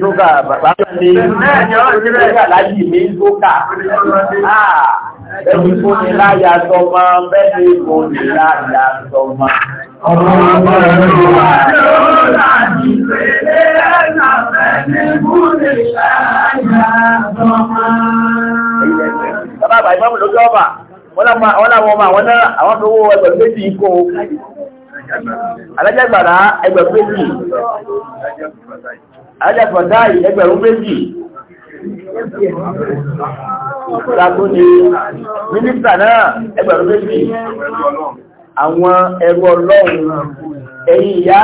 lókà bàbá mi lókà láyé mi lókà ẹni kò ní láyà sọmọ bẹ́ẹ̀ni kò ní láyà sọmọ. ọmọ ọmọ ìlú wa yóò láti pèlè ẹ̀ka bẹ́ẹ̀ni kò ní láyà sọmọ. bàbá àgbà ìmọ̀ lójú ọba wọ́n láwọn ọmọ àwọn náà àwọn tó wọ ẹgbẹ̀rún méjì kó alájàgbàrá ẹgbẹ̀rún méjì ajáfàdáì ẹgbẹ̀rún méjì lágbó ni mínísítà náà ẹgbẹ̀rún méjì àwọn ẹrù ọlọ́run ẹ̀yìn ìyá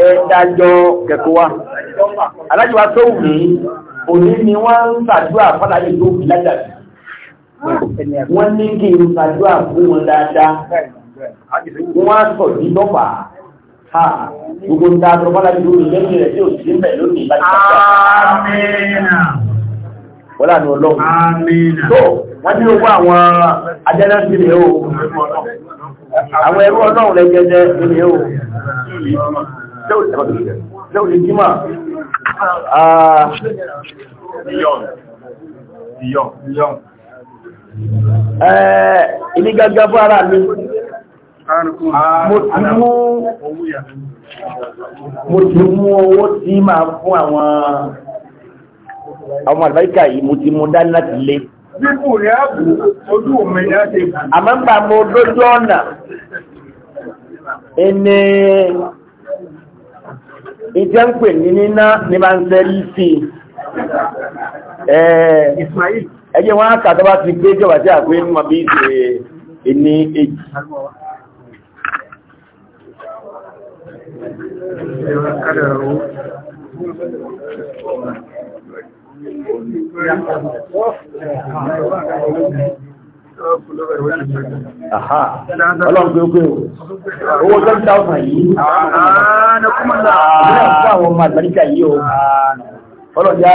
ẹ̀ẹ́dájọ́ kẹ̀kọ́ wa alájọba tó wù ní òní ni wọ́n ń ṣàdúrà fọ́láyé tó kì lájàdì wọ́n ní kí n ṣàdúrà fún wọn dáadáa wọ́n á sọ̀ sí lọ́pàá Ha gbogbo ń dáadọ́ bọ́lá ní lórí lẹ́yìn rẹ̀ tí ò sí mẹ́ lónìí bá ti Àmínà. Bọ́lá ní ọlọ́run. Àmínà. Tó wọ́n ní owó àwọn ajẹ́lẹ́ sí rẹ̀ o. Àwọn ẹrú ọlọ́run rẹ̀ jẹ́jẹ́ rẹ̀ o. Lẹ́wọ̀n ní Jímà. Ilé gàgà fún ara mi mo ti mú owó tí máa fún àwọn àwọn àlùbáríkà yìí mo ti mú dání láti lé Bíbù rẹ̀ ààbò ojú omi ni a ti bù. Àmọ́ ń gbà mo lójú ọ̀nà. Ẹni ìjẹ́ ń pè ní níná ní máa ń sẹ́rí sí i. Ẹjẹ́ wọn á kà tó bá ti gbé jọba tí àgbé mọ̀ bí ìṣe ẹni èjì. da kadararru Aha, ọlọ́run pé ó pé o, owó tó ń ta ọmọ yìí, ààrẹ kúmọ̀ náà, àwọn ọmọ àgbàríkà yìí o, ọlọ́dá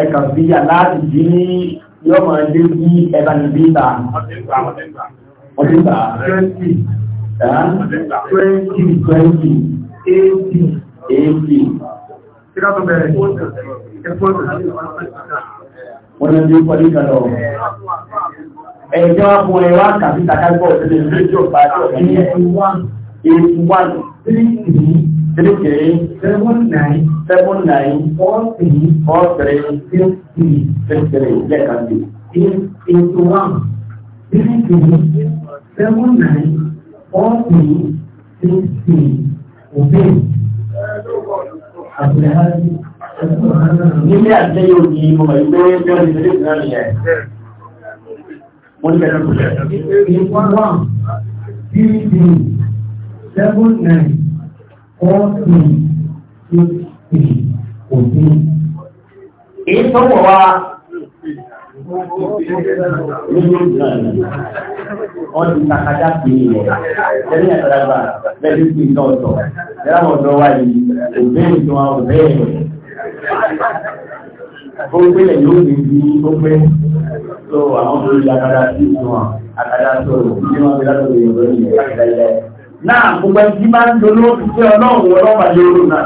ẹ̀kà sí yà láti jí ní yọ́mọ ẹgbẹ́ sí ẹ̀bà ní bíta. Ọdígbà twenty 20, 20, 80, 80. Kíkà tó bẹ̀rẹ̀ wọ́n ní ọdún pọ̀lú ìkàlọ̀ ẹ̀jọ́ fún ẹwà kàfíta kágbọ́ ìṣẹ́lẹ̀ lójú ọ̀pá àti ọ̀pá eight one three three three three seven nine seven nine four three four three six three six three let us do eight eight one three three seven nine four three six three obey. Nílé àti ẹyọ ni mo mọ̀ ìgbé ẹgbẹ́ ìdílé ìgbà nìyẹn. Mo ní bẹ̀rẹ̀ kúlẹ̀. Ìwọ́n wà bí bí seven nine four three six three kò sí. èyí tó wọ̀ wá. Wọ́n ti kàkàjá sí ilẹ̀, lẹ́yìn àtàlágbà lẹ́yìn sí iná ọ̀tọ̀, lẹ́yìn ọ̀dọ́ wa yìí, òbẹ́ ìjọba òbẹ́ ẹ̀. Ó gbélé yóò lè di ó pé, so àwọn olórí akadá sí ìjọba, akadá sọ̀rọ̀, ìjọba bí látọ̀rọ̀ ìjọba ìjọba ìjọba náà gbogbo ẹjí máa ń doló pípé ọlọ́run ọlọ́pàá lè rò náà.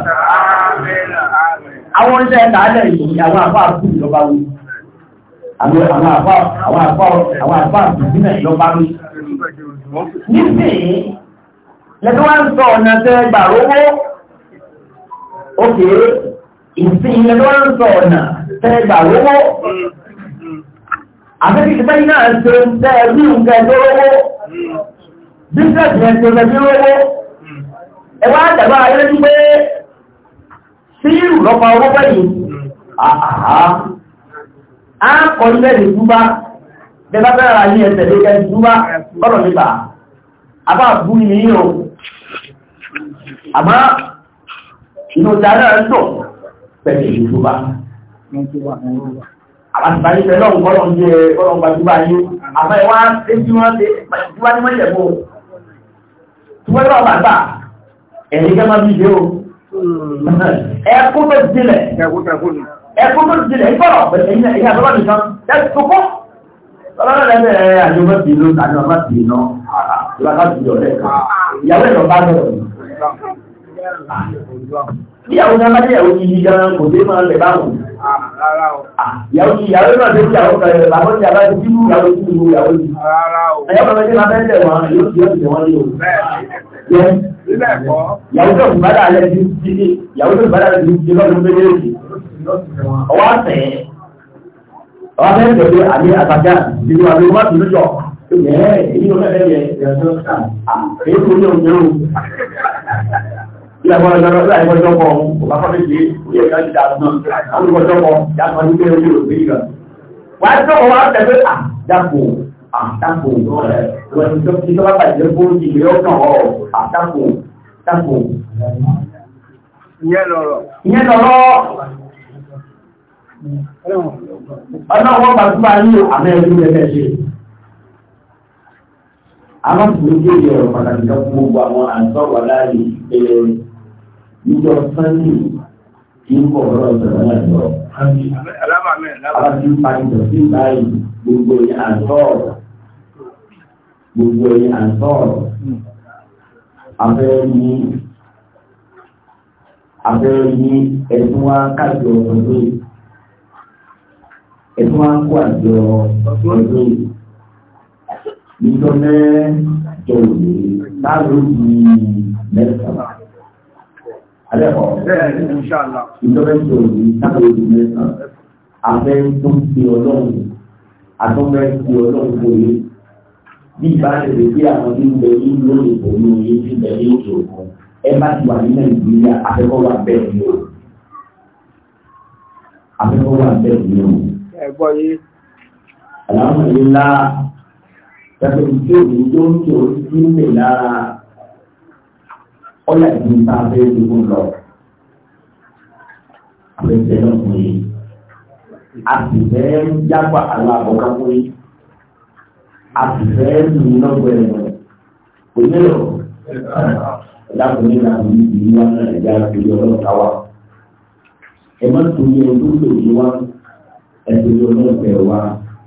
Àwọn oríṣẹ́ ìtàálẹ̀ yìí àwọn àfá àkú ìjọba wí. Àwọn àfá àkú ìbínà ìjọba wí. Nísìnyí, lẹ́tọ́ wá ń sọ ọ̀nà tẹ́ gbà rówó. Ókè, ìsìn lẹ́tọ́ wá ń sọ ọ̀nà tẹ́ gbà rówó. Àfẹ́kì bísẹ̀sì yẹn tó lẹ́bí owó ẹwà àtàbà ayé ní pé sí ìrù lọ́pa owó pẹ̀lú àhàhà á kọ́ ilẹ̀ ní túbá bẹ́bá fẹ́ ra ní ẹsẹ̀ lókẹ́ ní túbá kọ́rọ̀ nípa àbá bú ní yíò àmá inú ìdáná ń tò pẹ̀lú ní túbá àbátìbá ní pẹ̀lú ọ̀gbọ́n jẹ́ ọ̀gbàjúbá yìí àmá ẹwà tí wọ́n ti wá ní mọ́lẹ̀ wọ́n yọ ọba gbà ẹ̀yìn kẹ́ máa bí ìdí o ẹ̀kú tó dilẹ̀ ẹ̀kú tó dilẹ̀ ìgbọ́rọ̀ ẹ̀yìn ẹ̀yìn àbúrò nìkan ẹ̀kú Ọlọ́run lẹ́gbẹ̀ẹ́ ẹ̀yà ni wọ́n ti ló tàbí ọmọ ti lọ, ìwà ká ti lọ lẹ́ẹ̀kan. Ìyàwó ẹ̀lọ́ bá lọ bí àwọn alájẹ́ ìyàwó ti yí kò dé máa lẹ̀ báwọn ìyàwó ti ìyàwó náà tó ìyàwó kẹrẹ làwọn ti àbájú tí ìyàwó tí mú ìyàwó yìí ẹ̀yọ́ kan lọ́jọ́ máa bẹ́ẹ̀ wọn yóò ti yóò ti wọ́n ní o ìyàwó tó ń bára rẹ̀ ti ti ìyàwó tó ń bára rẹ̀ ti ti lọ́dún méjèèjì ọwọ́ àtẹ̀ ọwọ́ àtẹ̀ tẹ̀lé àmì àtàjà nínú àmì wọn tó lójọ ẹ̀ẹ́ èyí ló fẹ́ Ilé ẹ̀kọ́ ọjọ́ ọjọ́ tó bá ní àmẹ́ ẹ̀rí ẹ̀fẹ́ ṣe àwọn tó ń gbé ìyọ̀rọ̀ gbogbo àwọn àǹtọ́wọ̀ láàrin ẹ̀rọ níjọ sunday kí n kọ̀ ọ̀rọ̀ ìṣẹ̀lẹ̀ náà lọ. àwọn tí ń pa ìjọ sí báyìí gbogbo ẹ̀yìn àtọ́ọ̀rọ̀ gbogbo ẹ̀yìn àtọ́ọ̀rọ̀ abẹ́rẹ́ ní abẹ́rẹ́ ní ẹ̀sùn wa káàdì ọ̀sán tó yìí ẹ̀sùn wa kó àjọ ọ̀sán tó yìí níjọ mẹ́jọ òní láàrú ní mẹ́sàn Àlẹ́kọ̀ọ́. Bẹ́ẹ̀ ni, ìṣàlá. Ìjọba ìṣòro yìí sáré ojú mẹ́sàn-án. Afẹ́ tó ń fi ọlọ́run, àtọ́fẹ́ fi ọlọ́run borí. Bí ìbáṣepọ̀ pé àwọn tí ń bẹ ní lórí ìbòmí òye ti bẹ ní òkè òkun. Ẹ bá ti wà ní Nàìjíríà, afẹ́kọ̀ọ́ wà bẹ́ẹ̀ ni o. Afẹ́kọ̀ọ́ wà bẹ́ẹ̀ ni o. Ẹ gbọ́ yé. yìí lá, ó yà ju tá a fẹ́ dúró lọ. Àpẹẹsẹ̀ náà fún yìí. A sì fẹ́ yàgbà aláàbọ̀ ká fún yìí. A sì fẹ́ dùn náà gbẹ̀rẹ̀ rẹ̀. Kò ní lọ. Ìdáàbòbí náà ní ìlú wa náà ẹ̀dá ìlú ọlọ́ọ̀ta wa. Ẹ má tún yẹ ojú lòdì wa. Ẹ̀sìn ìlú ọlọ́ọ̀tẹ̀ wa.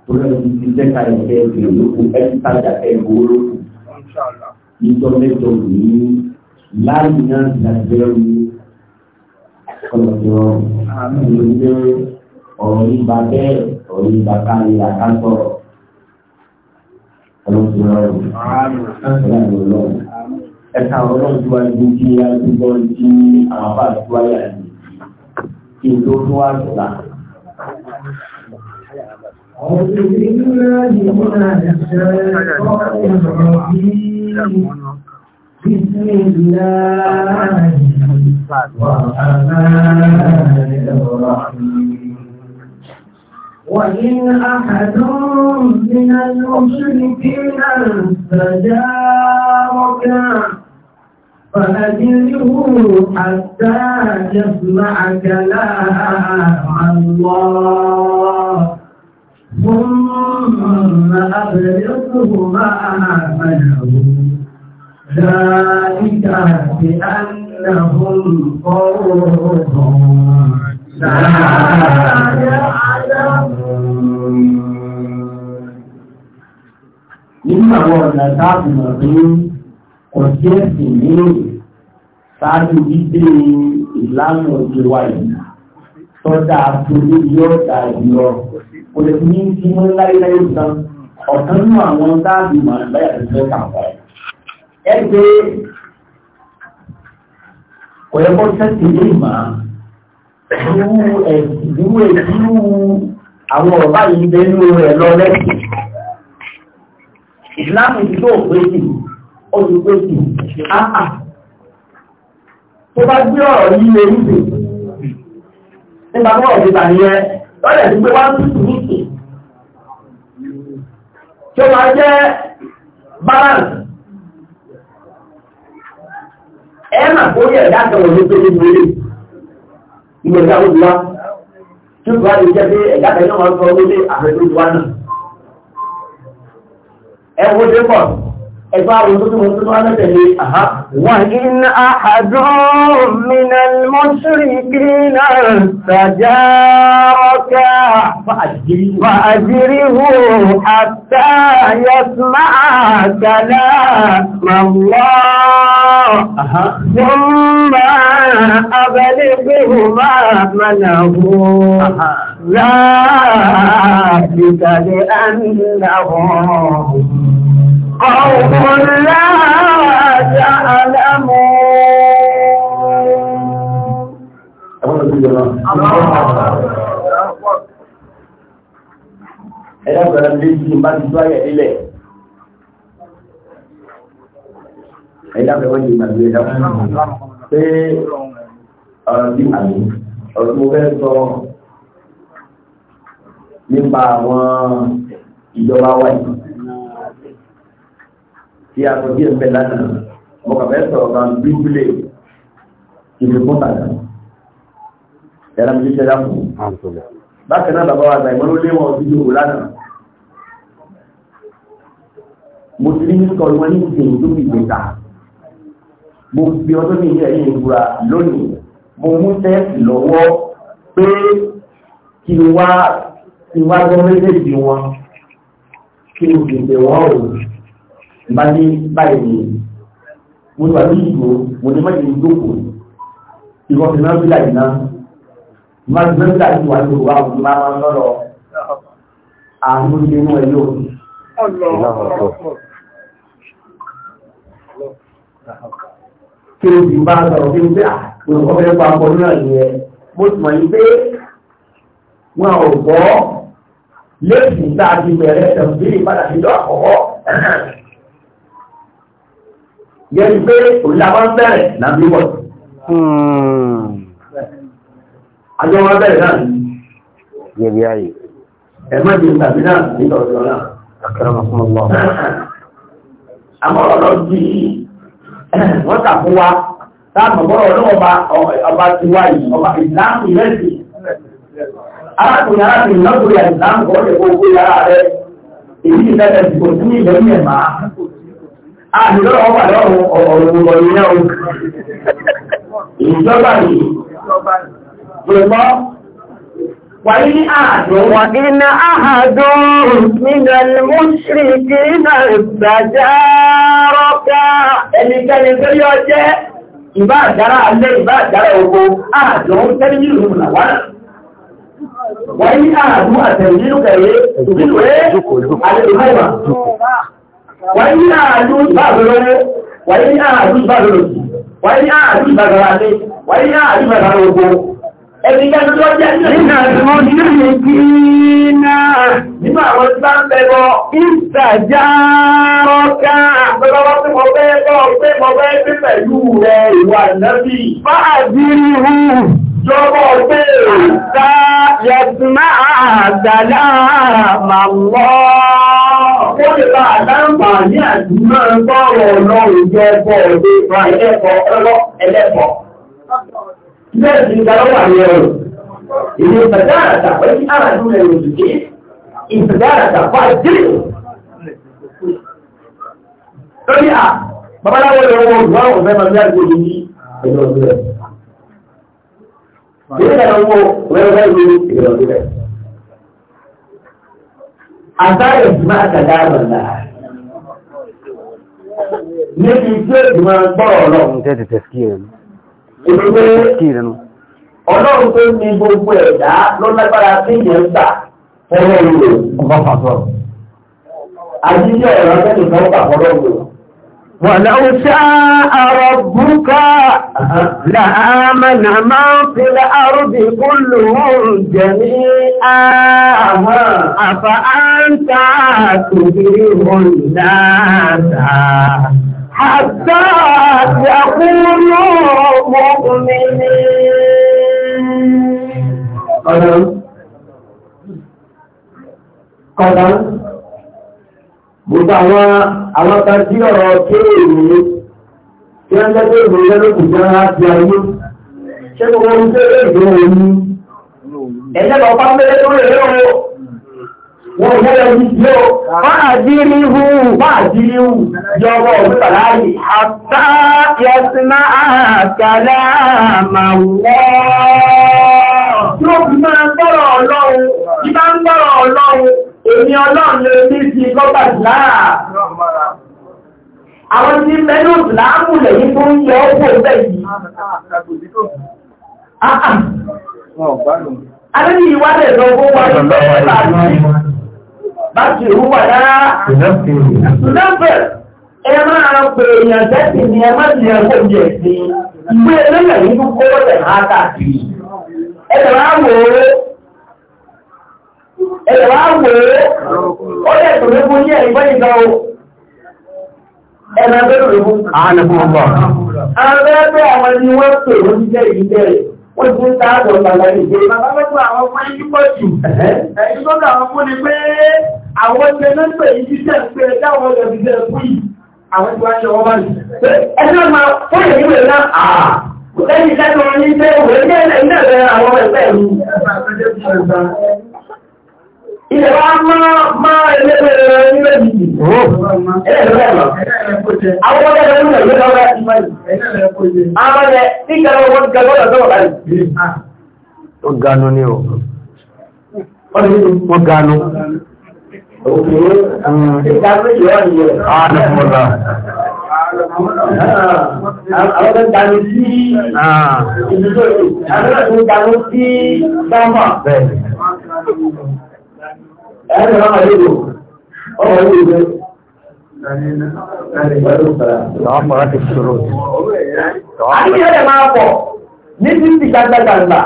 Tó lẹ́nu ti dẹ́ka ẹ̀kẹ́ ìlú ẹ̀ńtàjà ẹ̀gbọ́ lókù. Ìjọ mẹ́jọ nìyí láàyè náà dàgbẹ́ ru ọ̀dọ̀ ìlúgbé ọ̀rọ̀ ìgbà bẹ́ẹ̀ ọ̀rọ̀ ìgbà káyé àkáńtọ̀ ọlọ́sìn ọ̀rọ̀ ẹ̀ka ọ̀rọ̀ ìjọba ibi tí a ti gbọ́ tí àwọn bá ti wáyà ní kí n tó tó wá sọ̀la. Ọ̀rọ̀ ìgbìmọ̀ náà yìí wọ́n náà ṣe é بسم الله الرحمن الرحيم وإن أحد من المشركين استجارك فأجله حتى يسمع كلام الله ثم أبلغه ما منعه ذلك بأنهم قوم لا يعلمون Nínú àwọn ọ̀nà táàbù mọ̀ pé kò sí ẹ̀sìn ní ṣáájú wípé ìlànà òjò wa yìí tọ́jà tó ní yóò dà ìlọ. Kò lè ní kí wọ́n láyé láyé ọ̀kan nínú àwọn táàbù mọ̀ tó fẹ́ ẹgbẹ́ kọ̀yẹ́kọ́ sẹ́sì ilé ìmọ̀ ìlú ìlú àwọn ọ̀bá yìí bẹ́nu rẹ̀ lọ lẹ́sìn ìsìláàmù ti tó pé sí ó ti pé bá gbé ọ̀rọ̀ yìí lè ríbe nípa bọ́ọ̀ ti ti ẹ mà kó yẹ ẹ̀dá kan òní tó ní ìwéré ìwé ìdáwó ti wá tó tó wá lè jẹ́ pé ẹ̀dá kan yóò máa sọ lórí àfẹ́tò ìwá náà ẹ wo pọ̀ وإن أحد من المشركين استجارك فأجره حتى يسمع كلام الله ثم أبلغه ما منه ذلك لأنه قوم لا يعلمون ẹ̀dá gbọ́dọ̀ lé sí bá ti gbáyẹ̀ nílẹ̀ ẹ̀dá gbọ́dọ̀ lè máa lè dáa pé ọ̀rọ̀ bí àmì ọ̀rọ̀ mo fẹ́ sọ nípa àwọn ìjọba wáyé tí a sọ díẹ̀ ń bẹ lánàá mo kàn fẹ́ sọ̀rọ̀ kan bíbélé ìfikún tàgà ẹ̀rọ mi jíjẹ dákú. bákan náà bàbá wa àgbà ìmọ̀ ló léwọ̀n ojú òwò lánàá. mo ti rí nípa ìwọ ní ìsìn tó fi gbèta mo fi ọdún ní ilé ẹ̀yìn ìbúra lónìí mo mú tẹ́ẹ̀sì lọ́wọ́ pé kí n wá kí n wá gbọ́ méjèèjì wọn kí n gbèsè wọn òun ìbá ní báyìí ni mo ní wà ní ìgbò mo ní mọ́jì ní gbòkó ìwọ fi náà bílà yìí náà má ti bẹ́ẹ̀ bílà yìí wà ní òwúrọ̀ àwọn ọmọ máa ń lọ́rọ̀ àwọn oúnjẹ inú ẹ̀ yóò. kí o sì bá sọ̀rọ̀ kí o pé ah, olùkọ́ fẹ́ pa ọkọ̀ náà yẹ mo sì mọ̀ ní pé wọn ò gbọ́ lẹ́sìn tá a ti bẹ̀rẹ̀ tẹ̀síì padà sí lọ́kọ̀ọ́ yẹn pé òlàwọ́ bẹ̀rẹ̀ lábí wọ̀. Àjọ wọn bẹ̀rẹ̀ náà ni. Yẹ̀bi ayé. Ẹ má jẹun tàbí náà nígbà ọ̀dọ́ náà. Akẹ́rọ máa fún ọgbà. Àmọ́ ọ̀rọ̀ di wọ́n tà fún wa táàmù bọ́rọ̀ ọlọ́ọ̀ba ọba ti wá yìí ọba ìsìláàmù ìrẹsì. Arákùnrin arákùnrin náà kúrò ìsìláàmù kọ́ ọ́ lè kó kó yàrá rẹ̀. Èyí ìfẹ́ àdìlọ́wọ́ pàdé ọ̀rọ̀ ọ̀rọ̀ ìjọba yìí ìgbọ́ وإن أحد من المشركين ẹnikẹ́ni tó yọ jẹ́ ìbá àjára alẹ́ ìbá àjára nínú wọ́n ní àádú bàbẹ̀rẹ̀ wọ́n ní àádú bàbẹ̀rẹ̀ wọ́n ní àádú bàbẹ̀rẹ̀ wọ́n ní àádú bàbẹ̀rẹ̀ Ẹni jẹ́ tó jẹ́ nínú àwọn onílé kí náà. Nínú àwọn tí bá ń bẹ̀rọ. Ìsàjá ọ̀ká. Bọ́lọ́wọ́ tí mo fẹ́ bọ́ pé mo fẹ́ sí pẹ̀lú rẹ̀ ìwà náàbì. Bá àdírí hù. Jọmọ́ pé ìta yẹ̀tùmá àgbàlá màmọ́. Ó lè bá àdámbà ní àdúgbò gbọ́rọ̀ náà ìjọ ẹ̀kọ́ ẹ̀lẹ́kọ̀ọ́ ẹlẹ́kọ̀ọ́ bẹ́ẹ̀ sì ń darọ́ wà ní ẹ̀rọ ìlú ìfẹ̀dára tàpá sí àràdún rẹ̀ lòdù dé ìfẹ̀dára tàpá dìrì lórí à babaláwo lè wọ olùwà ọ̀fẹ́ máa ń yá ìgbòho ní ẹ̀rọ rẹ̀ ìlú ìdára wọ ọ̀fẹ́ ìlú ẹ̀rọ rẹ̀ àtàrà ìgbìmọ̀ àtàdá àbàlá níbi tí ìgbìmọ̀ gbọ́ ọ̀rọ̀ Ọlọ́run tó ní gbogbo ẹ̀dá ló lágbára sí ìyẹn gbà fọ́rọ̀ ìlò ọba Àjíjẹ́ ẹ̀rọ tẹ́lẹ̀ kan gbà fọ́rọ̀ ìlò. Wa law sha'a rabbuka la'amana man fil ardi kulluhum jami'an. Afa anta tudrihun nasa. حتى يكونوا مؤمنين قدم قدم gbogbo àwọn àwọn kan tí ọ̀rọ̀ kéré ìwé tí wọ́n jẹ́ pé ìwé lókùn jẹ́ ara ti ayé tó lè dùn wọ́n yẹ́rẹ̀ ní yóò fàájíríhù fàájíríhù yọ́rọ̀ olùsàláyì àtà yẹsìnà àkàlà màwọ́ tí ó fi máa gbọ́rọ̀ ọlọ́run tí bá ń gbọ́rọ̀ ọlọ́run èmi ọlọ́run ní ti gọ́gbà láà àwọn tí mẹ́lú ìlàámù lẹ́yìn tó ń yọ ọ́pọ̀ ìbẹ̀ yìí Adébí ní ọjọ́ ìpàdé. báṣì ìrúwà náà ìdáfẹ́ ẹ máa pè èèyàn tẹ́sì ni ẹ má ti yẹ kó jẹ sí ìwé ẹlẹ́yà yìí kó káàkiri ó o ẹ̀rọ ẹgbẹ́ tó lé àwọn ẹgbẹ́ ọmọ ni ó ti ń sáàdọ̀ ṣàlàyé ìgbé bàbá lọ́pọ̀ àwọn fún ẹni pọ̀ jù ẹ̀yìn tó kàwọn fún ni pé àwọn ṣe ní pé ìdí tẹ̀ ń pé dáwọn ọjọ́ ti jẹ́ fún yìí àwọn tí wọ́n ṣe wọ́n bá yìí. ẹjọ́ máa fún èyí wẹ̀ náà à lẹ́yìn ìdájọ́ wọn ní pé òwe ní ẹ̀rẹ́ àwọn ẹgbẹ́ mi ilẹ̀ wa máa máa ẹlẹ́gbẹ̀ rẹ̀ nílẹ̀ yìí. ẹlẹ́gbẹ̀ lọ. àwọn ọmọdé ẹgbẹ̀ nílẹ̀ yìí lọ́wọ́ láti máa yìí. àwọn ẹ̀ tí kẹrọ wọn ga lọ́dọ̀ sọ́wọ́ báyìí. ó ganu ni o. ó ganu. ìgbàlú yìí wọ́n yìí. ààrẹ fún ọ̀la. Àwọn ọ̀dọ́ gbanú sí ìdúró yìí, àwọn ọ̀dọ́ gbanú sí bọ́mọ̀ ẹ̀rọ àlejò ọmọ ilé ìwé Àwọn ọmọ ti ṣòro. Àníyàn rẹ̀ máa pọ̀ ní títí gbàgbàgbà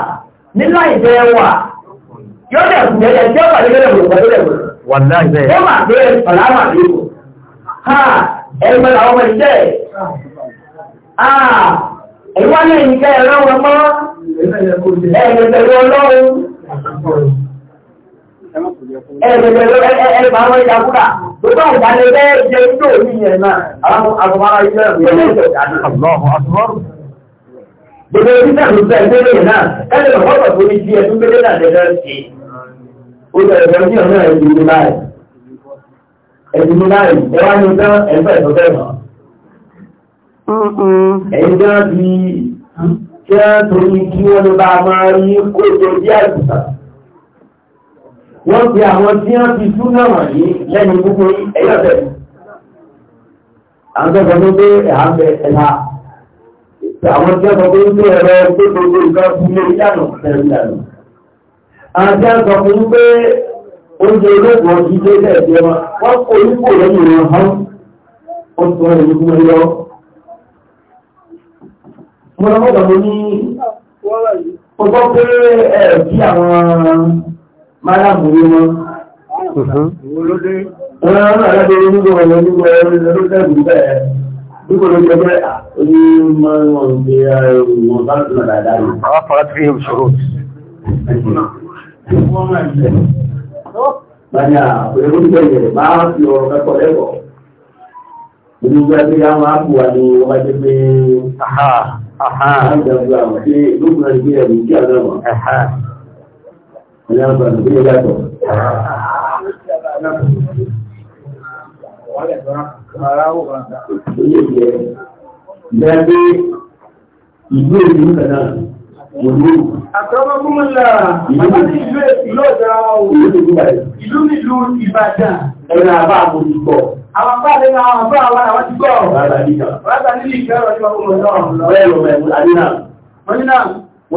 ní láì jẹ́ wà. Yóò dẹ̀ kù jẹ́ jẹ́ wà ní gẹ́gẹ́ bòrò pẹ̀lú ẹ̀bòrò. Wà náà jẹ́. Yóò máa gbé ọ̀làmà ní ipò. Ha! Ẹ̀rọ mẹ́ta ọmọ iṣẹ́ ẹ̀. Ah! Ẹ̀rẹ̀lẹ̀ àwọn ìyàkúrà tó bá ìdánilẹ́ jẹ́ ìjọ ní ìyẹn náà, àwọn agbára ilé ẹ̀rọ Gbogbo ìpínlẹ̀ ló bẹ̀rẹ̀ lórí náà, kẹ́lẹ̀ lọ́pọ̀ tó ní bí ẹdún gbélé náà lẹ́lẹ́ sí. Ó bẹ̀rẹ̀ lọ sí ọ̀nà ẹ̀dùn ní láì. Ẹ̀dùn ní láì, ẹwà ní ọjọ́ ẹ̀fẹ́ ìtọ́fẹ́ mọ̀. Ẹ̀yìn jẹ́ bí kí wọ́n torí kí wọ́n ló bá máa rí kó jẹ bí àgùntàn wọ́n pe àwọn tí wọ́n ti tú náà wọ̀n yìí lẹ́nu gbogbo ẹ̀yọ́ bẹ̀. àwọn tọ́jọ́ tó dé ẹ̀hà ń bẹ ẹ̀hà àwọn tí wọ́n sọ pé ń pè ẹ̀rọ pé gbogbo nǹkan fún ilé ìlànà ẹ̀rọ ìlànà. àwọn tí wọ́n sọ fún pé oúnjẹ olóògùn ọdún tó dẹ̀ ẹ̀jẹ̀ wọn wọ́n kó ipò lẹ́yìn wọn hàn ó sọ ẹ̀yìn fún ẹyọ. mo lọ mọ́tò mo ní mára bùrú mhm. wọn. Wọ́n rán àlàdé nígbò wọn nígbò ẹ̀rọ ló tẹ́bù bẹ́ẹ̀. Nígbò ló jẹ́ ìyáǹgbà ní ilé yàtọ̀. Ilé ìjẹ́ lẹ́bí ìlú èdè ní kàdá òní. Àkọ́bọ́kúnmọ́lá, àwọn ìlú ìlú ọ̀dá ìlú ìlú Ìbàdàn. Ẹ̀rọ àbá àbò ti gbọ́. Àwọn apá àti àwọn àbá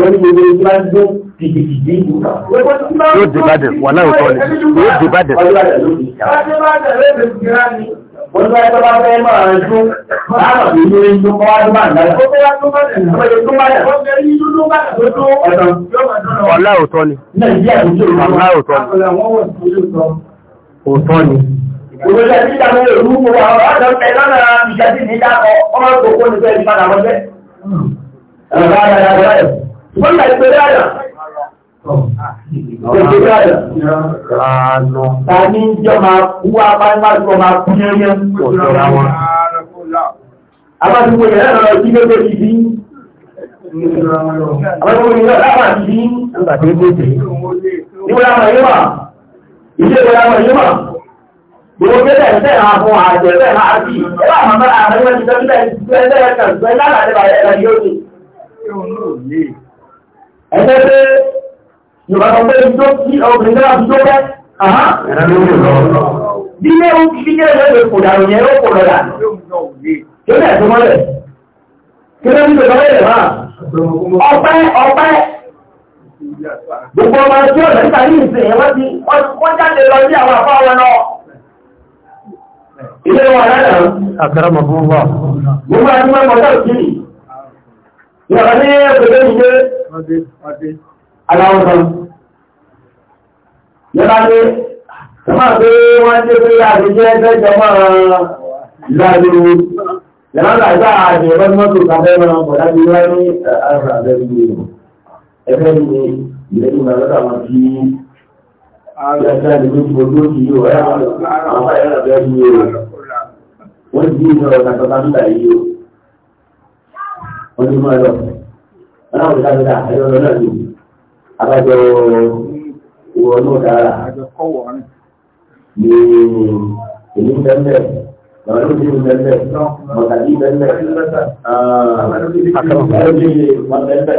àwọn àwọn yóò dìbàdẹ̀ wà náà tọ́ ni yóò dìbàdẹ̀. Wọ́n tó wáyé tó bá fẹ́ máa rẹ̀ tó, láàrín òní ní tó kọ́ wájú máa ń dájú. Ọlá òtọ́ ni. Ọlá òtọ́ ni. Òtọ́ ni. Òtọ́ ni. Òtọ́ ni. Òtọ́ ni. Òtọ́ Ààrùn. Tàbí jọ máa kú apáyébájúwọ́ máa kú ní ẹyẹ ọ̀sọ̀ra wọn. Abájúwọ́ yẹn lọ́rọ̀ sí lókè ìdí. Abájúwọ́ yẹn lọ́rọ̀ lápá ìdí. Nígbà tí ó gbèsè. Nígbà láwọn ẹ̀yẹ́ mà. Ilé ìwé láwọn ẹ̀yẹ́ mà. Gbogbo bẹ́ẹ̀ Yorùbá pé ìjọ kí ọkùnrin náà fi jọ́pẹ́, àhá, bí ilé ó kí kíkẹ́ lẹ́gbẹ̀ẹ́ kò dàrù yẹn ó kò lọ́dà. Kílẹ̀ tó mọ́lẹ̀, kílẹ̀ ní ìjọba lẹ́yẹ̀ máa, ọpẹ́ ọpẹ́, gbogbo ọmọ tí ọ̀dọ̀ níta ní ìsìn yẹn wọ́n ti wọ́n jáde lọ sí àwọn àfọ́ wọn lọ. Ilé wa lára. Àkàrà mọ̀ fún wa. Mo máa ní mọ́ mọ́tò sí ni. Yàrá ní ẹgbẹ̀rẹ̀ aláwọ̀sán lọ́la pé sọ́mà pé wọ́n tí pé àdíjẹ́ ẹgbẹ́ jọmọ́ ìlàjòrò lẹ́nàdà ìgbà àjẹ̀rọ mọ́tò kàfẹ́ràn bọ̀dá bí wá ní àrùn àbẹ́gbẹ̀rẹ̀ ẹgbẹ́ ni ìlẹ́yìn ìrànlọ́dà wọn kí Ìjọba ìlú ti gbogbo ti yóò rẹ̀ àwọn ẹ̀rọ bẹ́ẹ̀ ni yóò rẹ̀. Wọ́n ti ní ọ̀rọ̀ kàtàkà ń gbà yìí yóò. Wọ́n ti mọ́ ẹ̀rọ. Wọ́n náà wọ́n ti abájọ ìwọ náà dára ní èmi bẹ́ẹ̀ màlúùdì bẹ́ẹ̀ mọ̀tàdì bẹ́ẹ̀ àkàlùmọ̀lẹ́bí mọ̀tẹ́bẹ̀ mọ̀tẹ́bẹ̀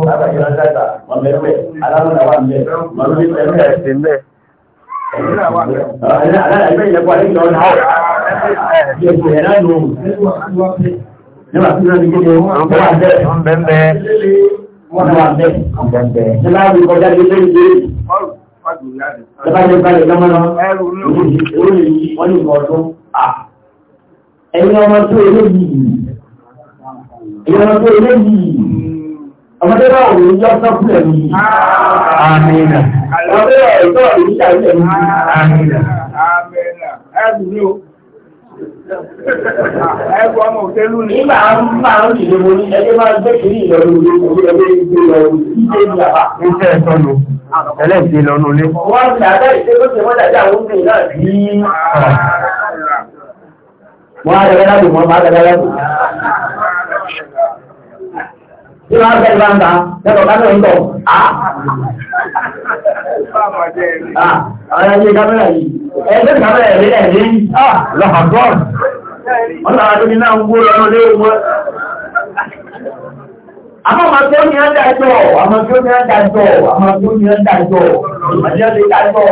alábàjọ́lájàgbà mọ̀tẹ́bẹ̀ alábàjọ́lájàgbà mọ̀tẹ́bẹ̀ mọ̀tẹ́bẹ̀ mọ̀tẹ́bẹ̀ Aláàrẹ̀ ìyẹ́kọ́ àríkọ̀ ọ̀nà ọ̀rọ̀. Ìyẹ́kọ̀ ẹ̀rá nù. Nígbà tí wọ́n ti gẹ́gẹ́ wọ́n bẹ́ẹ̀ wọ́n wà bẹ́ẹ̀. Ìjọba àwọn ìkọjá lé lórí lórí. Ìjọba lè balẹ̀ lọ́mọ́lọ́mọ́. Èrò lè yí wọ́n ní nǹkan ọdún. Ẹ̀yin ọmọ tó eléyìí. Ẹ̀yin ọmọ tó eléyìí. Ọmọdé náà òun yọ sọ́kùnrin mi. Amina. Ọmọdé náà ìtọ́ ìyíṣà ilẹ̀ mi. Amina. Amina. Ẹ Ẹgbẹ́ ọmọ òṣèlú ni. Nígbà máa ń dìde mo ní ẹgbẹ́ máa ń gbẹ́kìrí ìlọ́nu ilé orí ẹgbẹ́ ìgbé lọ́nu ìdíje ní àbá. Iṣẹ́ ẹ̀tọ́ lò. Ẹlẹ́gbẹ́ lọ́nu ilé. Wọ́n ti àbẹ́ ìṣẹ́gbẹ́sẹ̀ wọ́n dàjà àwọn oúnjẹ náà sí. Wọ́n á dẹ̀rẹ́ láti mọ́ bá dẹ̀rẹ́ láti. Bí wọ́n á bẹ̀rẹ̀ bá ń Ah, ara ilé kámẹ́rà yìí, ẹgbẹ́ kámẹ́rà rẹ̀ ẹ̀lẹ́ yìí, ah, lọ́pàá ní náà ń gbó lọ́nà lé ní ọ́dá jọ, àmọ́ tó ní ọ́dá jọ, àmọ́ tó ní ọ́dá jọ, ìmọ̀lẹ́ lè dájọ́,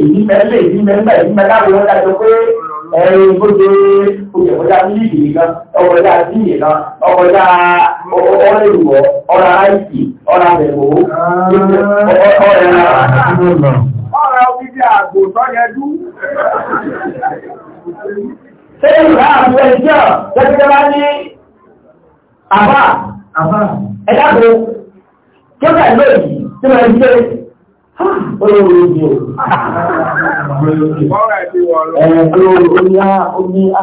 èyí mẹ́lẹ̀, èyí mẹ́lẹ̀, ẹ̀yìn bó ṣe oṣù ọjà nìkan ọkọ̀ ọjà sí nìkan ọkọ̀ ọjà ọ̀rẹ́ ìwọ̀ ọ̀rẹ́ àìsí Bọ́lá orí ni o. Ẹ̀rọ omi á omi á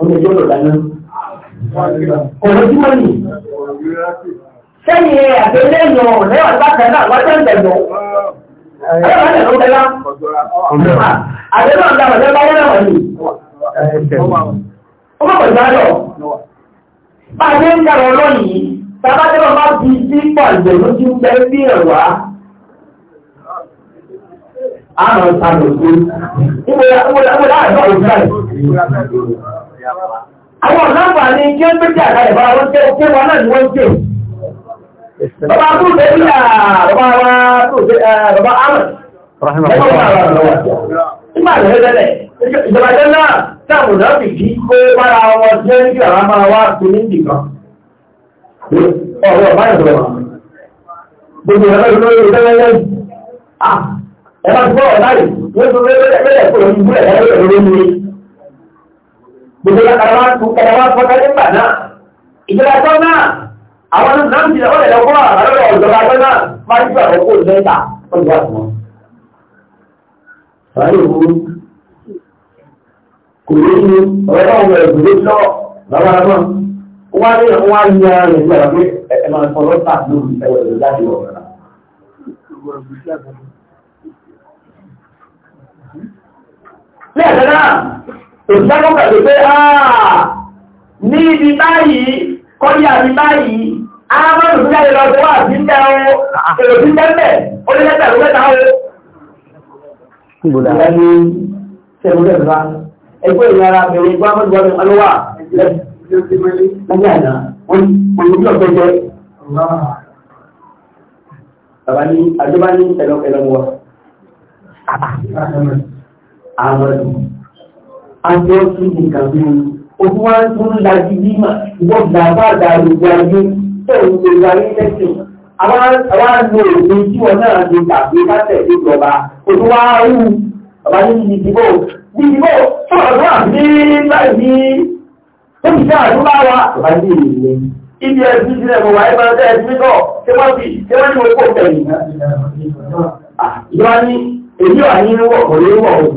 omi tó lọ dáná. Ọ̀rọ̀ tí wọ́n ní. Sẹ́yìn àgbélé nù ọ̀rẹ́ ọ̀gbákan náà wọ́n tẹ̀ ń tẹ̀lọ. Ẹ̀rọ ọ̀gbákan ló tẹ̀lá. Àgbélé ọ̀gbá ọ̀rẹ́ bá yẹ́rẹ̀ wọ̀nyí. Ó mọ̀ pẹ̀lú ayọ̀. Bá a ṣe ń dàrọ̀ ọlọ́yìn, tàbá tẹ́lọ̀ bá fi sí pọ̀ àgbẹ̀ ló ti ń bẹ́ bí ẹ̀wà àmà ìsàlẹ̀ sí àwọn ọ̀nàmà ní kí ó gbé jẹ́ àdáyẹ̀ bá wọ́n tẹ́ òkè wọn náà ni wọ́n jẹ́ bàbá tó tẹ́ ní àbá wa tó tẹ́ bàbá àmà Ìgbà ìrẹ́lẹ́lẹ̀, ìjọba jẹ́ náà táàmù náà fi kí kó bára wọn jẹ́ ní àwọn máa wá tó ní ìdìkan. Ọ̀rọ̀ báyìí lọ́wọ́. Gbogbo ìrẹ́lẹ́lẹ́ ẹ̀rọ ti bọ́ọ̀ láì wọ́n tó lẹ́lẹ̀ pé òun ìbúlẹ̀ ẹ̀rọ ìrọ̀lẹ́ mi. Gbogbo kàdàwà kàdàwà fọ́tà nígbà náà. Ìjọba tó náà àwọn náà ti lọ́wọ́ lẹ̀ lọ́wọ́ àlọ́ ìjọba tó náà máa ń gbà ọkọ̀ ìjọba ọjọ́ àtúmọ̀. Sàárè òru kò ní ní ọ̀rẹ́ náà wọ̀ ẹ̀gbọ́n ló lọ́ bàbá náà. Wọ́n á ní wọ́n á ní rẹ̀ nígbà lẹ́ẹ̀kan náà òṣìṣẹ́ pàtàkì pé àà ní ibi báyìí kọjá ibi báyìí àmọ́nù tó jáde lọ́dọ̀ wà sí jẹ́ o èrò sí jẹ́mẹ̀ ó lé lẹ́tà ló mẹ́ta o. ìgbòlá ní ṣẹ́gun lẹ́gbàá ẹgbẹ́ ìyára bẹ̀rẹ̀ ìgbà mọ́gbọ́n alówà lẹ́yìn àná wọ́n ní ọ̀gbẹ́ jẹ́ bàbá ní àjọba ní ẹ̀lọ́mọ wa àmàlù àti ọtún nìkan bí òkú wá ń tún lajú bímà ìwọ́n gbàgbà àdàlù gbàgbé tẹ̀wọ̀n gbogbo ayé lẹ́sìn àwọn àlọ́ òfin tí wọ́n náà lè tàbí látẹ̀ ìjọba òkú wá rú bàbá ní ìdìbò ìdìbò sọ̀rọ̀ ní láì ní ó ti sáà tó bá wa bàbá ní ìlú ibi ẹ̀sùn ìjìnlẹ̀ mọ̀ wáyé máa tẹ́ ẹ̀sùn nítọ̀ tí wọ́n fi tí wọ́n ní owó pẹ̀lú ah, ìjọba ní èyí wà ní wọ̀ pẹ̀lú wọ̀ òun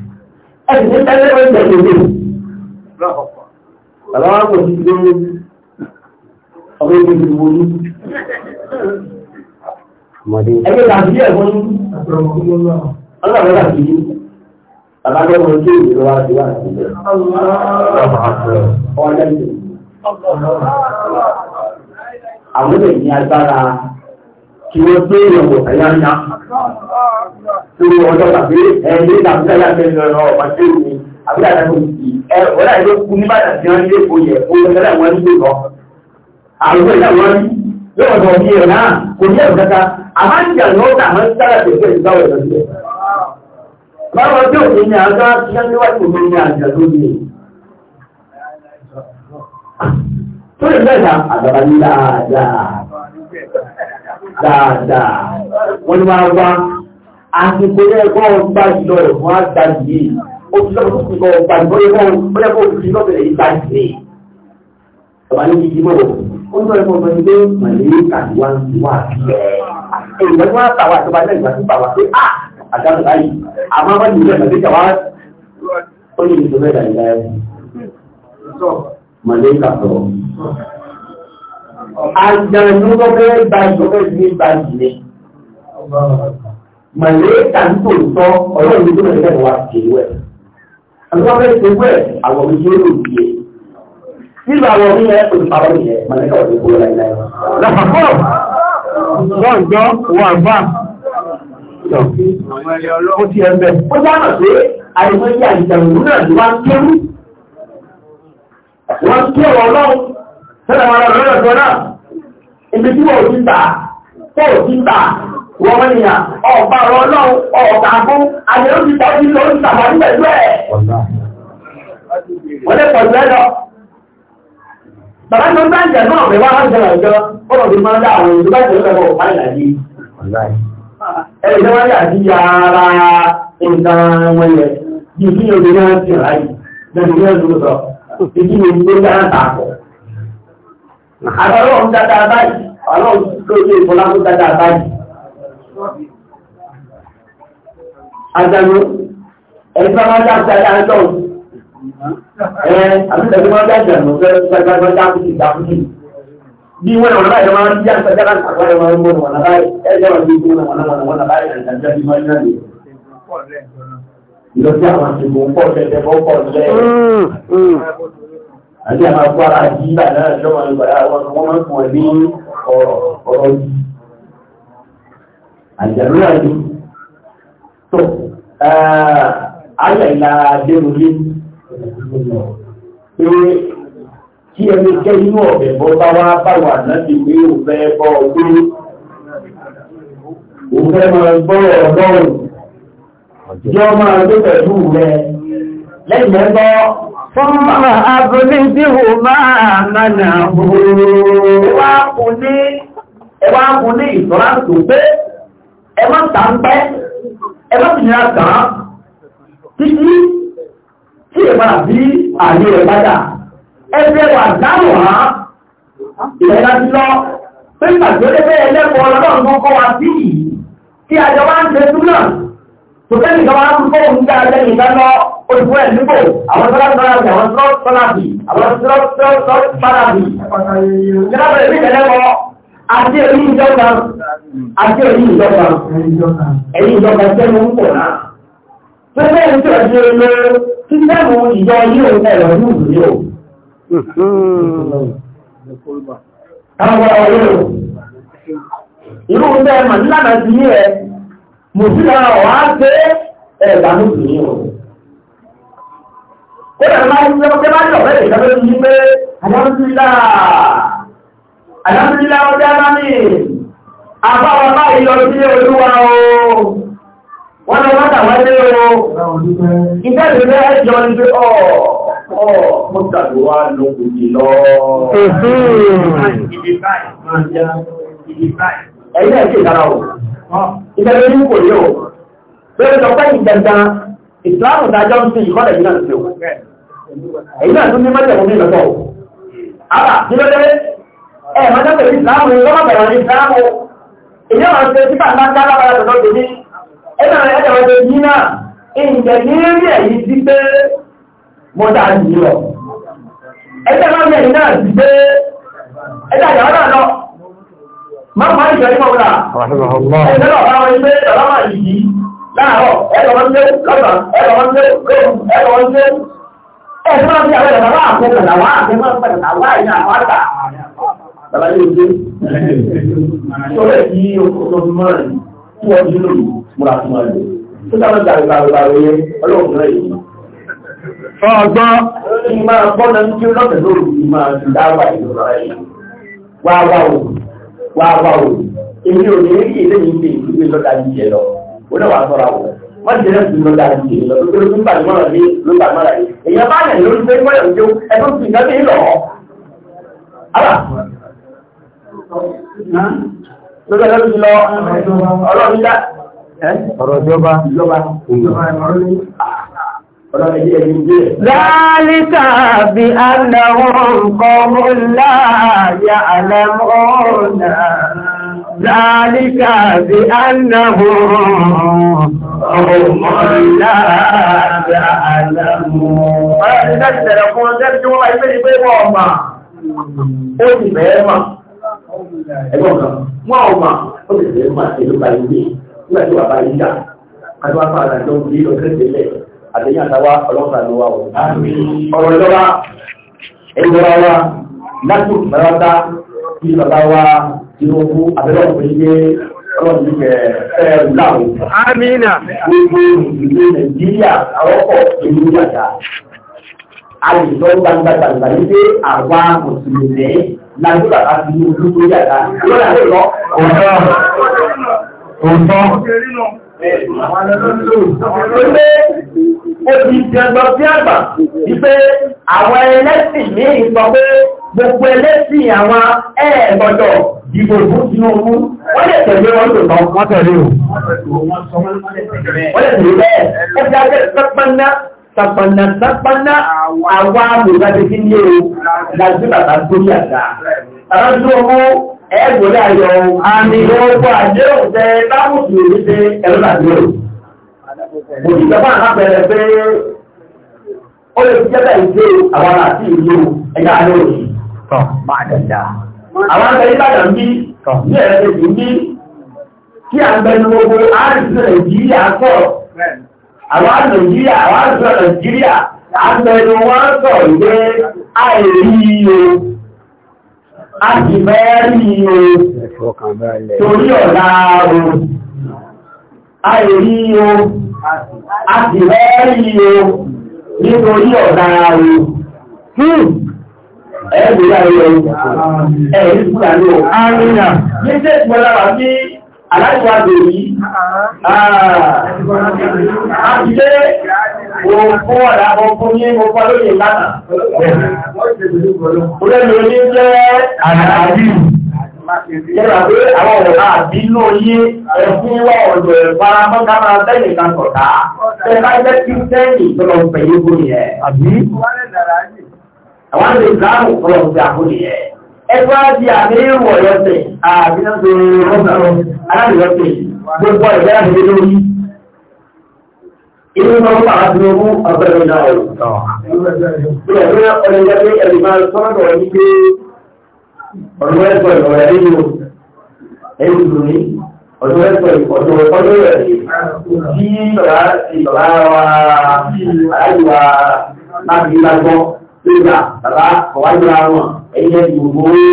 ẹ̀sìn ní tẹ́lẹ̀ wọ́n tẹ̀ lóde. Bàbá wa kò sí pé ọmọ ìgbè ti wo ní. Ẹgbẹ́ tàbí ẹ̀fọ́ ní ọlọ́run tàbí bàbá tó mọ ojú ìlú wa ti wà síbẹ̀. Ọ̀rọ̀ ẹ̀sìn. Àwọn ènìyàn agbára kí gbé ìyàwó ẹ̀yà ń yá. Torí ọjọ́ tàbí ẹni tàbí ẹ̀yà tẹ̀lé ọ̀rọ̀ ọ̀pá tí ó ní àbí àdàkọ̀ ìsì. Ẹ̀rọ náà yóò kú nígbàdàn tí wọ́n ní èkó yẹ kó lọ́dọ̀ wọn ní lò lọ. Àrùkọ ìyá wọn ní yóò sọ bí ẹ̀rọ náà kò ní ẹ̀rọ kẹta. Àmá ń jà lọ́wọ́ tà máa ń sára tẹ̀lé ìgbàwọ̀ ẹ̀rọ dáadáa wọ́n ni máa wá àsìkò yẹ kọ́ ọgbà jùlọ ẹ̀fún àgbà yìí ó ti lọ́pọ̀ tó ti kọ́ ọgbà jùlọ ẹ̀fún àgbà yìí ó ti lọ́pọ̀ tó ti kọ́ ọgbà jùlọ ẹ̀fún àgbà yìí ó ń sọ ẹ̀fọ́ ọmọ ilé màlẹ́kà ni wá ń ti wá sí ẹ̀. Èèyàn tí wọ́n á tàwa àtọ́ba náà ìgbà tí bàbá pé à àdáhùn báyìí àmọ́ wọ́n nílò màlẹ́kà wá ó ní ìṣòro ẹ̀dà ìgbà ẹ̀. Màlẹ́kà sọ̀rọ̀ àjànú lọ́fẹ́ gba ìjọfẹ́ ìdílé gba ìdílé. Màlẹ́kà ń tò sọ ọ̀rọ̀ ìlú tó mẹ́lẹ́kà wà kéwú ẹ̀. Àlọ́fẹ́ kéwú ẹ̀ àwọn omi yóò lò bíi. Nílò àwọn omi yẹn kò ní pa ọ́n yẹn, màlẹ́kà wà kéwú láì láì. Lọ́pàá wọ́n jọ wà bá. Ó ti ẹ̀ bẹ̀. Ó dáhà pé àìmọye àjànú náà ló wá kéwú. Wọ́n kéwọ́ ọlọ́run. Tẹ́lẹ̀ wọ́n ti gbà, ọ̀pá ọlọ́run, ọ̀pá fún, àyẹ̀wò ti tọ́ sí lórí sàmọ́ ní pẹ̀lú ẹ̀. Wọ́n lè pọ̀ jẹ́ lọ. Bàbá tó ń bá náà rẹ̀ láti ṣẹlẹ̀ ìjọ, ó lọ fi máa dá àwọn ìjọba ìjọba Àtọ́lọ́run dáadáa báyìí, ọlọ́run tó lè fọ́lá tó dáadáa báyìí. Àjànú, ẹ̀fẹ́ máa dá àjàdá àjọ́un. Ẹ àbúkẹ̀ẹ́gbẹ́ máa dá àjànú fẹ́ gbàgbàgbà dá àkùkì dàkùkì. Bí wọ́n àwọn aláìsàn máa ń jẹ́ àgbàjára àgbàjára máa ń gbọ́nà wọn lábáyé, ẹgbẹ́ wọn bí gbọ́nà wọn lábáyé, wọn lábáyé àjàjá bí máa ń jáde. Ìlọ́sí àwọn àṣìkò pọ̀ tẹ̀tẹ̀ pọ̀ pọ̀ tẹ̀ àti àwọn agbára yíyà náà lọ́wọ́ ìgbàlá wọn wọ́n máa ń fún ẹ ní ọ̀rọ̀ yìí àjàrú náà ni tó eh, ayà ìlara adéròlé pé kí ẹni jẹ́ inú ọ̀bẹ̀ bọ́ bá wá báwà láti pé ò fẹ́ bọ́ ọdún ò fẹ́ máa gbọ́ ọlọ́run jọ máa gbé pẹ̀lú rẹ lẹ́yìn ẹgbọ́ Fọ́nmà abúlé bí wò máa mánà ooo. Ẹwà kú ní ìtọ́lá tó pé ẹ má ta ń pẹ́, ẹ má ti nira kàn án, títí tí ìwà bí àyè rẹ̀ bájà. Ẹgbẹ́ wà dáhùn á, ìrẹ́lá ti lọ, pé pàtàkì pé ẹlẹ́kọ̀ọ́ lọ́dọ̀ tó kọ́ wa sí yìí, tí àjọ wá ń ṣe túnà, tòkẹ́ olùkọ́ ẹ̀ níbò àwọn sọ́lá sọ́lá bì àwọn sọ́lá sọ́lá bì àwọn sọ́lá sọ́lá sọ́lá bì. Ìjọba ìlú ìjọba àti èyí ìjọba àti èyí ìjọba èyí ìjọba sẹ́nu ń pọ̀ náà. Tó bẹ́ẹ̀ ń tọ́jú ẹlò sísẹ́mù ìjọ yíò ẹ̀rọ ní ìlú yóò. Àwọn ọ̀rọ̀ yóò. Irú bẹ́ẹ̀ mà nílànà ti yí ẹ̀, mùsùlùmí ọ̀hán ṣe ẹ̀dà ní ìlú yóò ó lè máa ń lọ́wọ́ tẹ́ bá lọ bẹ́ẹ̀ ìjọba ló ní pé àdámsílá àdámsílá ó dá bá ní àbáwọ̀ báyìí lọ sí olúwa o wọ́n lọ wọ́n tàwọn ilé o ìfẹ́ ìlú rẹ̀ jọ ní pé ọ̀ ọ̀ mo tàbí wá lọ kò jì lọ ibi báyìí máa já ibi báyìí ẹ̀yìn ẹ̀ sì dára o ìfẹ́ ìlú kò yẹ o bẹ́ẹ̀ sọ pé ìjẹta ìsìláàmù dájọ́ ń sìn ìkọ́lẹ̀ yìí náà sí o èyí náà tún ní mọ́tẹ̀mú ní lọ́tọ̀ àbà kí ló dé ẹ̀ mọ́tẹ̀mú ìsìláàmù lọ́mọ̀tẹ̀mú ìsìláàmù èyí àwọn ṣe tí bàbá ń dá lábára tọ̀tọ̀ tó ní ẹ̀nà ẹ̀jẹ̀ wọn ṣe yí náà ìjẹ̀ ní rí ẹ̀yí sí pé mo dà ní lọ ẹ̀jẹ̀ náà ní ẹ̀yí náà sí pé ẹ̀jẹ̀ àjàwọ́ náà lọ máa máa ń jẹ́ ìmọ̀ wúrà ẹ̀jẹ̀ náà bá wọn ṣe tọ̀lọ́mà yìí láàárọ̀ ẹ̀jọ̀ wọn ṣe lọ́sàn ẹ̀jọ̀ wọn ṣe ẹ ti máa fi àwọn ìyàwó àkókò làwọn àti máa pẹ̀lú àwọn àìyá àwọn àgbà. Bàbá yóò dé. Sọ̀rọ̀ ẹ̀ yí ọdún márùn-ún tí wọ́n ti lòlù múra fún wa lò. Tó dáná gbàgbé gbàgbé gbàgbé yẹn ọlọ́run náà yìí. Ọgbọ́. Ìmọ̀ àgbọ́nà ń kí lọ́tẹ̀ lóru ìmọ̀ àti dáwà ìlọ́ra yìí. Wá wá o, wá wá o, èmi ò ní rí ilé yìí pé ìlú mi lọ́ta yìí jẹ lọ. Ó náà wà sọ́ra wọ̀ wọ́n ti rẹ̀ sùn lọ́dà ní ìlọ tó kéré nígbà tí wọ́n rẹ̀ ní lọ́dà mọ́ra yìí èèyàn bá yẹn lórí pé wọ́n yẹ̀ ń jó ẹgbẹ́ òsì nǹkan bí lọ́ lórí ẹgbẹ́ òsì lọ ọlọ́run dá ọ̀rọ̀ ìjọba ìjọba ذلك بأنهم قوم لا يعلمون ذلك بأنهم هم لا يعلمون ó ti bẹ̀rẹ̀ mà ẹ̀gbọ́n kan wọ́n ò mà ó ti bẹ̀rẹ̀ mà ìlú ka ìwé nígbà tí wà bá yíyá àti wà fún àdájọ́ òbí lọ́sẹ̀ tẹ́lẹ̀ àtẹ̀yìn àtàwà ọlọ́pàá ló wà wọ̀. ọ̀rọ̀ ìjọba ẹ̀jọba wa látò mẹ́rọ́ta kí bàbá wa tí ó kú abẹ́rẹ́ òfin yé Amina. Gbogbo ìlú Nàìjíríà àwọ́pọ̀ ìlú Yàtà. A lè sọ gbangba-gbangba ní pé àwa Mùsùlùmí lájú bàbá ti ní olúkú Yàtà. Lọ́la lè lọ. Òótọ́. Òótọ́. Ilé òbí ìjọba sí àgbà wípé àwọn ẹlẹ́sìn ní ìsọ pé gbogbo ẹlẹ́sìn àwọn ẹ̀ẹ̀gbọ́dọ̀ ìbò fún Tinubu wọ́n lè tẹ̀lé wọn tó lọ. Wọ́n tẹ̀lé o. Wọ́n lè tẹ̀lé bẹ́ẹ̀. Ó fi ajẹ́ o ẹgbòdá yọ àmì ọgbà àdéhùn tẹ lábùsù èyí tẹ ẹ̀rọ àdéhùn òṣìṣẹ́fà lápẹẹrẹ pé ó lè fi jẹ́bẹ̀ ìgbé àwọn àti ìlú ẹ̀yà àdéhùn yìí àwọn akẹ́lẹ́ ìbàdàn bí ní ẹ̀rẹ́ tẹ̀sí bí kí à ń bẹnu gbogbo àrùsù nàìjíríà kọ̀ àwọn nàìjíríà àwọn àrùsù nàìjíríà àgbẹnu wọn sọ ìgbé àìrí yìí a sì mẹ́rí o torí ọ̀la o a lè rí o a sì mẹ́rí o nítorí ọ̀la o ẹ̀ẹ́dùn láàrin ẹ̀ẹ́dùn láàrin o àrínà ní tẹ́sùn ọlára sí aláìwádò yìí àti Òkú ọ̀dà ọkùn ní mo pa lóye lánàá. Olẹ́nu ní jẹ́ àdàbí. Yẹ́nà pé àwọn ọ̀rọ̀ àbínú yé ẹ̀fún wá ọ̀dọ̀ ẹ̀fára mọ́ta máa bẹ́yìn kan sọ̀tá. Ṣé bá jẹ́ kí sẹ́yìn tọ́lọ̀ ń pẹ̀lú ìbò yẹn? Àbí? Àwọn àti ìsìláàmù tọ́lọ̀ ń pẹ̀lú àbò yẹn. Ẹgbẹ́ àti àmì ìwọ̀ yọ̀sẹ̀ àbínú tó rọ́ọ̀sẹ̀ aláàbìyọ̀sẹ̀ gbogbo ẹ̀gbẹ́ àti إنه عدله أفضل الله لأننا قد نجد الإمام الصمد وعنده ọdúnwẹ́sọ̀ ìwọ̀n ẹ̀rí o ẹ̀rí ìlú ní ọdúnwẹ́sọ̀ ìwọ̀n ọdún rẹ̀ tí bàbá ti bàbá wa aláìwà láti lágbọ́ tó gbà bàbá kọ̀wájúra wọn ẹ̀yẹ ìgbòho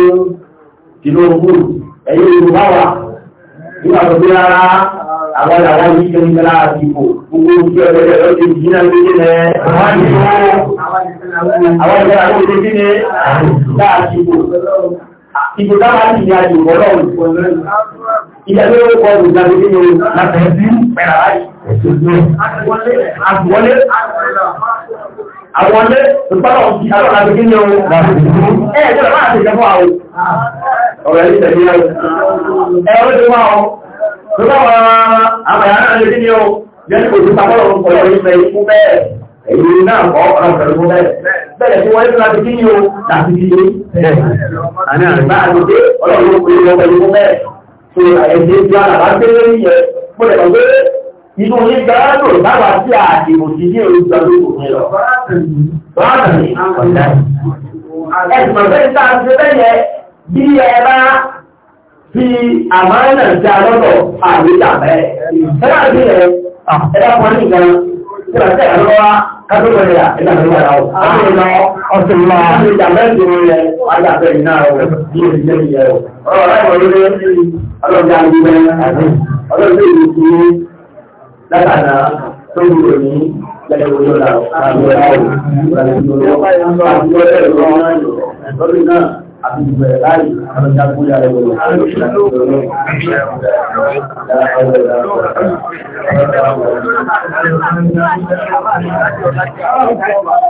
wà nígbà àwọn làwọn yìí jẹ́ nígbà àdìbò gbogbo ojú ọ̀rẹ́ rẹ̀ lọ́dẹ yìí náà lóye rẹ̀ àwọn ìṣẹ́ àwọn ìṣẹ́ kí ni láàdìbò ìbò táwọn àti ìyá àdìbò ọlọ́run ìyàwó orúkọ olùdarí nínú látẹ̀ẹ́sí pẹ̀lá àgbọ́lé àwọlé ìpọ́lọ̀ ti àwọn àgbẹ̀gbẹ̀ ní ohun ẹ̀ẹ́dẹ̀rẹ̀ máa ti jẹ́ fún àwọn ọ̀rẹ́ ìtẹ̀lẹ́ ẹ̀rọ Lọ́wọ́ àwọn àyà náà lè kí ni ó jẹ́ kò sí pàtàkì ọ̀rọ̀ pẹ̀lú ìfẹ́ ikú bẹ́ẹ̀. Èyí náà kọ́ ọ̀rọ̀ pẹ̀lú bẹ́ẹ̀. Bẹ́ẹ̀ tí wọ́n ní láti kí ni ó láti kí ni. Àní àrùbá àti pé ọlọ́run kò lè lọ pẹ̀lú bẹ́ẹ̀. Ṣé àyẹ̀dẹ́ ti wà lábá gbé lórí yẹ? Mo lè lọ gbé ni àwọn ọ̀dà fi àmàlà ti àlọ́tọ̀ àríjà bẹ́ẹ̀. Ẹ̀rọ àti ẹ̀ ẹ̀dá kan ní nǹkan tí wọ́n tẹ̀ ẹ̀rọ wa kájọ́gbọ̀n rẹ̀ ẹ̀dá kan wà láwọ̀. Àwọn ìlọ ọ̀sẹ̀ ìlọ àríjà bẹ́ẹ̀ ti rẹ̀ ajá bẹ́ẹ̀ náà rẹ̀ ní ìdílé ìyẹn rẹ̀. Ọ̀rọ̀ rẹ̀ wọ̀ lórí ọlọ́jà gbígbẹ́ àti ọlọ́jà ìlú ti ní látàdá tó ń lò ní lẹ́yìn àti ìgbẹ̀rẹ̀ láì àrọ̀já gbóyà rẹ̀ wọ̀lọ̀.